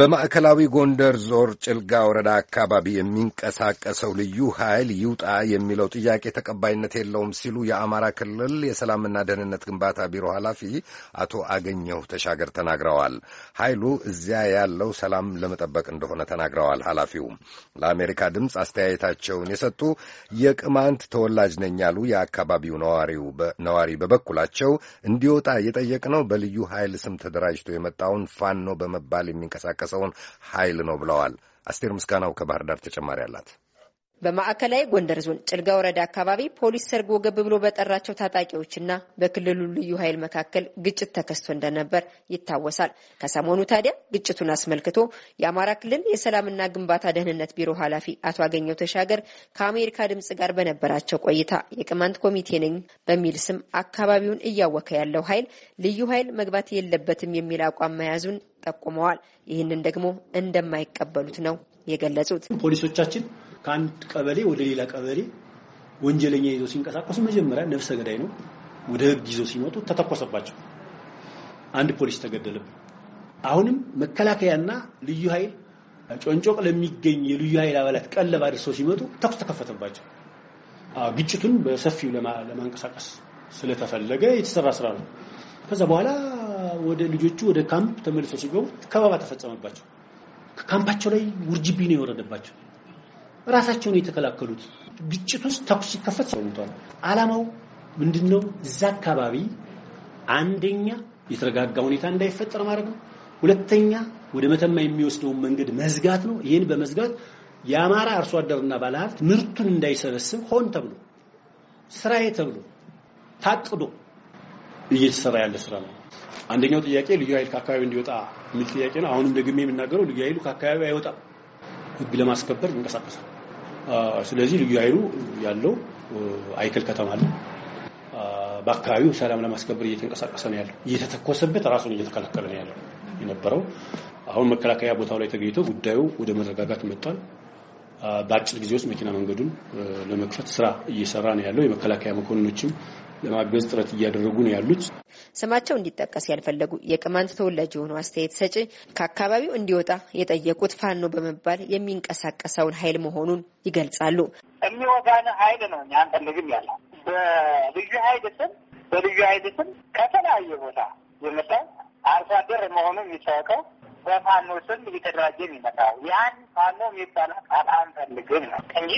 በማዕከላዊ ጎንደር ዞር ጭልጋ ወረዳ አካባቢ የሚንቀሳቀሰው ልዩ ኃይል ይውጣ የሚለው ጥያቄ ተቀባይነት የለውም ሲሉ የአማራ ክልል የሰላምና ደህንነት ግንባታ ቢሮ ኃላፊ አቶ አገኘሁ ተሻገር ተናግረዋል። ኃይሉ እዚያ ያለው ሰላም ለመጠበቅ እንደሆነ ተናግረዋል። ኃላፊው ለአሜሪካ ድምፅ አስተያየታቸውን የሰጡ የቅማንት ተወላጅ ነኝ ያሉ የአካባቢው ነዋሪ በበኩላቸው እንዲወጣ የጠየቅነው በልዩ ኃይል ስም ተደራጅቶ የመጣውን ፋኖ በመባል የሚንቀሳቀስ የደረሰውን ኃይል ነው ብለዋል። አስቴር ምስጋናው ከባህር ዳር ተጨማሪ አላት። በማዕከላዊ ጎንደር ዞን ጭልጋ ወረዳ አካባቢ ፖሊስ ሰርጎ ገብ ብሎ በጠራቸው ታጣቂዎችና በክልሉ ልዩ ኃይል መካከል ግጭት ተከስቶ እንደነበር ይታወሳል። ከሰሞኑ ታዲያ ግጭቱን አስመልክቶ የአማራ ክልል የሰላምና ግንባታ ደህንነት ቢሮ ኃላፊ አቶ አገኘው ተሻገር ከአሜሪካ ድምፅ ጋር በነበራቸው ቆይታ የቅማንት ኮሚቴ ነኝ በሚል ስም አካባቢውን እያወከ ያለው ኃይል ልዩ ኃይል መግባት የለበትም የሚል አቋም መያዙን ጠቁመዋል። ይህንን ደግሞ እንደማይቀበሉት ነው የገለጹት። ፖሊሶቻችን ከአንድ ቀበሌ ወደ ሌላ ቀበሌ ወንጀለኛ ይዞ ሲንቀሳቀሱ መጀመሪያ ነፍሰ ገዳይ ነው። ወደ ህግ ይዞ ሲመጡ ተተኮሰባቸው፣ አንድ ፖሊስ ተገደለብን። አሁንም መከላከያና ልዩ ኃይል ጮንጮቅ ለሚገኝ የልዩ ኃይል አባላት ቀለብ አድርሰው ሲመጡ ተኩስ ተከፈተባቸው። ግጭቱን በሰፊው ለማንቀሳቀስ ስለተፈለገ የተሰራ ስራ ነው። ከዛ በኋላ ወደ ልጆቹ ወደ ካምፕ ተመልሰው ሲገቡ ከበባ ተፈጸመባቸው። ከካምፓቸው ላይ ውርጅብኝ ነው የወረደባቸው። ራሳቸውን የተከላከሉት። ግጭት ውስጥ ተኩስ ሲከፈት ሰው አላማው ምንድነው? እዛ አካባቢ አንደኛ የተረጋጋ ሁኔታ እንዳይፈጠር ማድረግ ነው። ሁለተኛ ወደ መተማ የሚወስደውን መንገድ መዝጋት ነው። ይህን በመዝጋት የአማራ አርሶ አደርና ባለሀብት ምርቱን እንዳይሰበስብ ሆን ተብሎ ስራዬ ተብሎ ታቅዶ እየተሰራ ያለ ስራ ነው። አንደኛው ጥያቄ ልዩ ኃይል ከአካባቢ እንዲወጣ የሚል ጥያቄ ነው። አሁንም ደግሜ የምናገረው ልዩ ኃይሉ ከአካባቢ አይወጣም። ህግ ለማስከበር ይንቀሳቀሳል። ስለዚህ ልዩ ኃይሉ ያለው አይክል ከተማ አለ። በአካባቢው ሰላም ለማስከበር እየተንቀሳቀሰ ነው ያለው። እየተተኮሰበት ራሱን እየተከላከለ ነው ያለው የነበረው። አሁን መከላከያ ቦታው ላይ ተገኝቶ ጉዳዩ ወደ መረጋጋት መጥቷል። በአጭር ጊዜ ውስጥ መኪና መንገዱን ለመክፈት ስራ እየሰራ ነው ያለው። የመከላከያ መኮንኖችም ለማገዝ ጥረት እያደረጉ ነው ያሉት። ስማቸው እንዲጠቀስ ያልፈለጉ የቅማንት ተወላጅ የሆኑ አስተያየት ሰጪ ከአካባቢው እንዲወጣ የጠየቁት ፋኖ በመባል የሚንቀሳቀሰውን ኃይል መሆኑን ይገልጻሉ። የሚወጋን ኃይል ነው እኛን ፈልግም ያለ በልዩ ኃይል ስም በልዩ ኃይል ስም ከተለያየ ቦታ የመጣ አርሶ አደር መሆኑ የሚታወቀው በፋኖ ስም እየተደራጀ የሚመጣ ያን ፋኖ የሚባል አንፈልግም ነው እንጂ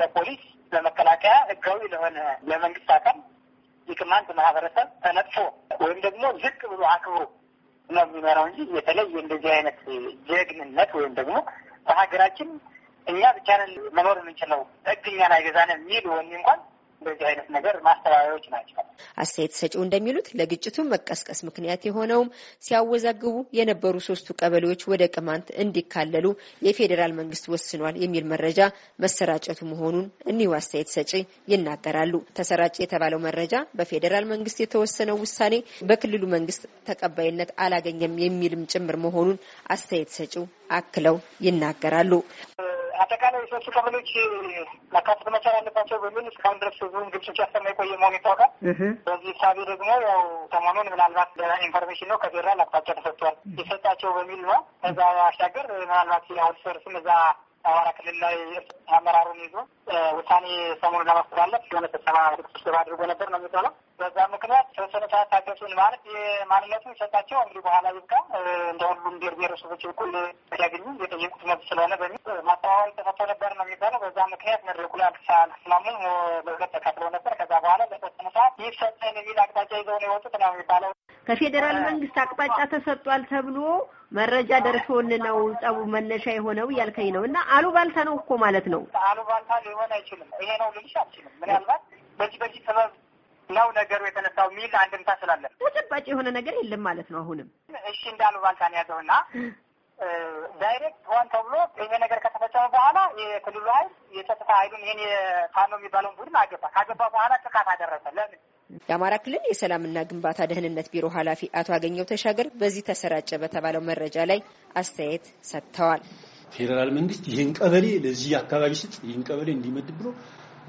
ለፖሊስ ለመከላከያ ህጋዊ ለሆነ ለመንግስት አካል የቅማንት ማህበረሰብ ተነጥፎ ወይም ደግሞ ዝቅ ብሎ አክብሮ ነው የሚመራው እንጂ የተለየ እንደዚህ አይነት ጀግንነት ወይም ደግሞ በሀገራችን እኛ ብቻ ነን መኖር የምንችለው ህግ እኛን አይገዛንም የሚል ወኔ እንኳን እንደዚህ አይነት ነገር ማስተባበያዎች ናቸው። አስተያየት ሰጪው እንደሚሉት ለግጭቱ መቀስቀስ ምክንያት የሆነውም ሲያወዛግቡ የነበሩ ሶስቱ ቀበሌዎች ወደ ቅማንት እንዲካለሉ የፌዴራል መንግስት ወስኗል የሚል መረጃ መሰራጨቱ መሆኑን እኒሁ አስተያየት ሰጪ ይናገራሉ። ተሰራጨ የተባለው መረጃ በፌዴራል መንግስት የተወሰነው ውሳኔ በክልሉ መንግስት ተቀባይነት አላገኘም የሚልም ጭምር መሆኑን አስተያየት ሰጪው አክለው ይናገራሉ። አጠቃላይ ሶስቱ ቀበሌዎች መካተት መቻል አለባቸው በሚል እስካሁን ድረስ ህዝቡን ግብጽ ሲያሰማ የቆየ መሆኑ ይታወቃል። በዚህ ሳቢ ደግሞ ያው ሰሞኑን ምናልባት ኢንፎርሜሽን ነው ከፌደራል አቅጣጫ ተሰጥቷል የሰጣቸው በሚል ነው። ከዛ አሻገር ምናልባት የአውት ሶርስም እዛ አማራ ክልል ላይ አመራሩን ይዞ ውሳኔ ሰሞኑን ለማስተላለፍ የሆነ ስብሰባ ስብሰባ አድርጎ ነበር ነው የሚባለው በዛ ምክንያት ተወሰነ ሰዓት ታገሱን ማለት የማንነቱ ይሰጣቸው እንግዲህ በኋላ ይብቃ እንደ ሁሉም ብሔር ብሔረሰቦች እኩል ያገኙ የጠየቁት መብት ስለሆነ በሚል ማስተባበል ተፈቶ ነበር ነው የሚባለው። በዛ ምክንያት መድረኩ ላይ አልተስማሙም፣ በሁለት ተከፍለው ነበር። ከዛ በኋላ ለተወሰነ ሰዓት ይሰጠን የሚል አቅጣጫ ይዘው ነው የወጡት ነው የሚባለው። ከፌዴራል መንግስት አቅጣጫ ተሰጧል ተብሎ መረጃ ደርሶን ነው ጸቡ መነሻ የሆነው እያልከኝ ነው። እና አሉባልታ ነው እኮ ማለት ነው። አሉባልታ ሊሆን አይችልም። ይሄ ነው ልልሽ አልችልም። ምናልባት በዚህ በዚህ ሰበብ ነው ነገሩ የተነሳው የሚል አንድምታ ስላለን ተጨባጭ የሆነ ነገር የለም ማለት ነው። አሁንም እሺ እንዳሉ ባልታን ያዘውና ዳይሬክት ሆን ተብሎ ይሄ ነገር ከተፈጸመ በኋላ የክልሉ ኃይል የጸጥታ ኃይሉን ይህን የፋኖ የሚባለውን ቡድን አገባ። ካገባ በኋላ ጥቃት አደረሰ። ለምን? የአማራ ክልል የሰላምና ግንባታ ደህንነት ቢሮ ኃላፊ አቶ አገኘው ተሻገር በዚህ ተሰራጨ በተባለው መረጃ ላይ አስተያየት ሰጥተዋል። ፌዴራል መንግስት ይህን ቀበሌ ለዚህ አካባቢ ስጥ፣ ይህን ቀበሌ እንዲመድብ ብሎ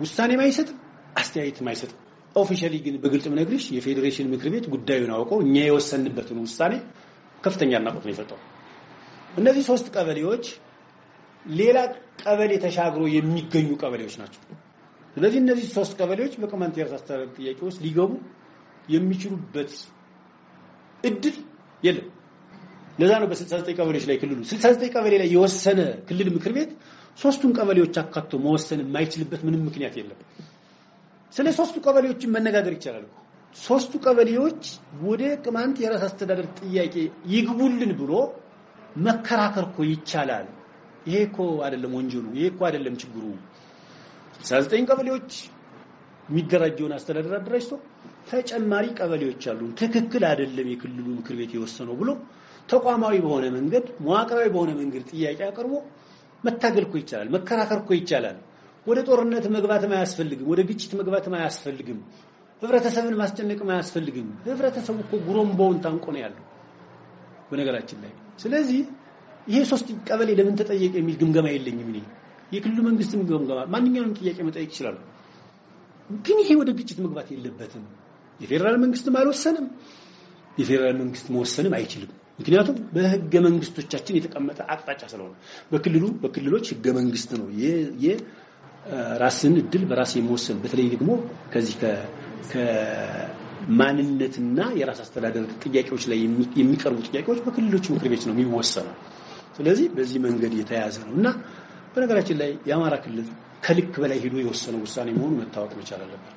ውሳኔም አይሰጥም፣ አስተያየትም አይሰጥም። ኦፊሻሊ ግን በግልጽ ምነግርሽ የፌዴሬሽን ምክር ቤት ጉዳዩን አውቆ እኛ የወሰንበትን ውሳኔ ከፍተኛ አድናቆት ነው የፈጠው። እነዚህ ሶስት ቀበሌዎች ሌላ ቀበሌ ተሻግሮ የሚገኙ ቀበሌዎች ናቸው። ስለዚህ እነዚህ ሶስት ቀበሌዎች በቅማንት የራስ አስተዳደር ጥያቄ ውስጥ ሊገቡ የሚችሉበት እድል የለም። ለዛ ነው በ69 ቀበሌዎች ላይ ክልሉ 69 ቀበሌ ላይ የወሰነ ክልል ምክር ቤት ሶስቱን ቀበሌዎች አካቶ መወሰን የማይችልበት ምንም ምክንያት የለም። ስለ ሶስቱ ቀበሌዎችን መነጋገር ይቻላል። ሶስቱ ቀበሌዎች ወደ ቅማንት የራስ አስተዳደር ጥያቄ ይግቡልን ብሎ መከራከር እኮ ይቻላል። ይሄ እኮ አይደለም ወንጀሉ፣ ይሄ እኮ አይደለም ችግሩ። 19 ቀበሌዎች የሚደራጀውን አስተዳደር አደራጅቶ ተጨማሪ ቀበሌዎች አሉ፣ ትክክል አይደለም የክልሉ ምክር ቤት የወሰነው ብሎ ተቋማዊ በሆነ መንገድ መዋቅራዊ በሆነ መንገድ ጥያቄ አቅርቦ መታገል እኮ ይቻላል፣ መከራከር እኮ ይቻላል። ወደ ጦርነት መግባትም አያስፈልግም። ወደ ግጭት መግባትም አያስፈልግም። ህብረተሰብን ማስጨነቅም አያስፈልግም። ህብረተሰቡ እኮ ጉሮምቦውን ታንቆ ነው ያለው በነገራችን ላይ። ስለዚህ ይሄ ሶስት ቀበሌ ለምን ተጠየቀ የሚል ግምገማ የለኝም እኔ። የክልሉ መንግስትም ግምገማ ማንኛውንም ጥያቄ መጠየቅ ይችላሉ። ግን ይሄ ወደ ግጭት መግባት የለበትም። የፌዴራል መንግስትም አልወሰንም፣ የፌዴራል መንግስት መወሰንም አይችልም። ምክንያቱም በህገ መንግስቶቻችን የተቀመጠ አቅጣጫ ስለሆነ በክልሉ በክልሎች ህገ መንግስት ነው ራስን እድል በራስ የመወሰን በተለይ ደግሞ ከዚህ ከማንነትና የራስ አስተዳደር ጥያቄዎች ላይ የሚቀርቡ ጥያቄዎች በክልሎች ምክር ቤት ነው የሚወሰነው። ስለዚህ በዚህ መንገድ የተያያዘ ነው እና በነገራችን ላይ የአማራ ክልል ከልክ በላይ ሄዶ የወሰነው ውሳኔ መሆኑ መታወቅ መቻል አለበት።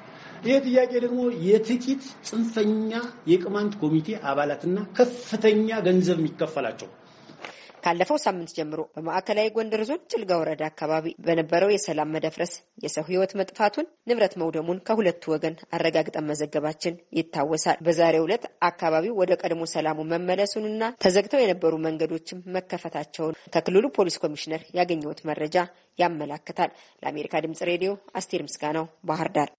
ይህ ጥያቄ ደግሞ የጥቂት ጽንፈኛ የቅማንት ኮሚቴ አባላትና ከፍተኛ ገንዘብ የሚከፈላቸው ካለፈው ሳምንት ጀምሮ በማዕከላዊ ጎንደር ዞን ጭልጋ ወረዳ አካባቢ በነበረው የሰላም መደፍረስ የሰው ህይወት መጥፋቱን፣ ንብረት መውደሙን ከሁለቱ ወገን አረጋግጠን መዘገባችን ይታወሳል። በዛሬው ዕለት አካባቢው ወደ ቀድሞ ሰላሙ መመለሱንና ተዘግተው የነበሩ መንገዶችም መከፈታቸውን ከክልሉ ፖሊስ ኮሚሽነር ያገኘሁት መረጃ ያመላክታል። ለአሜሪካ ድምጽ ሬዲዮ አስቴር ምስጋናው ባህር ዳር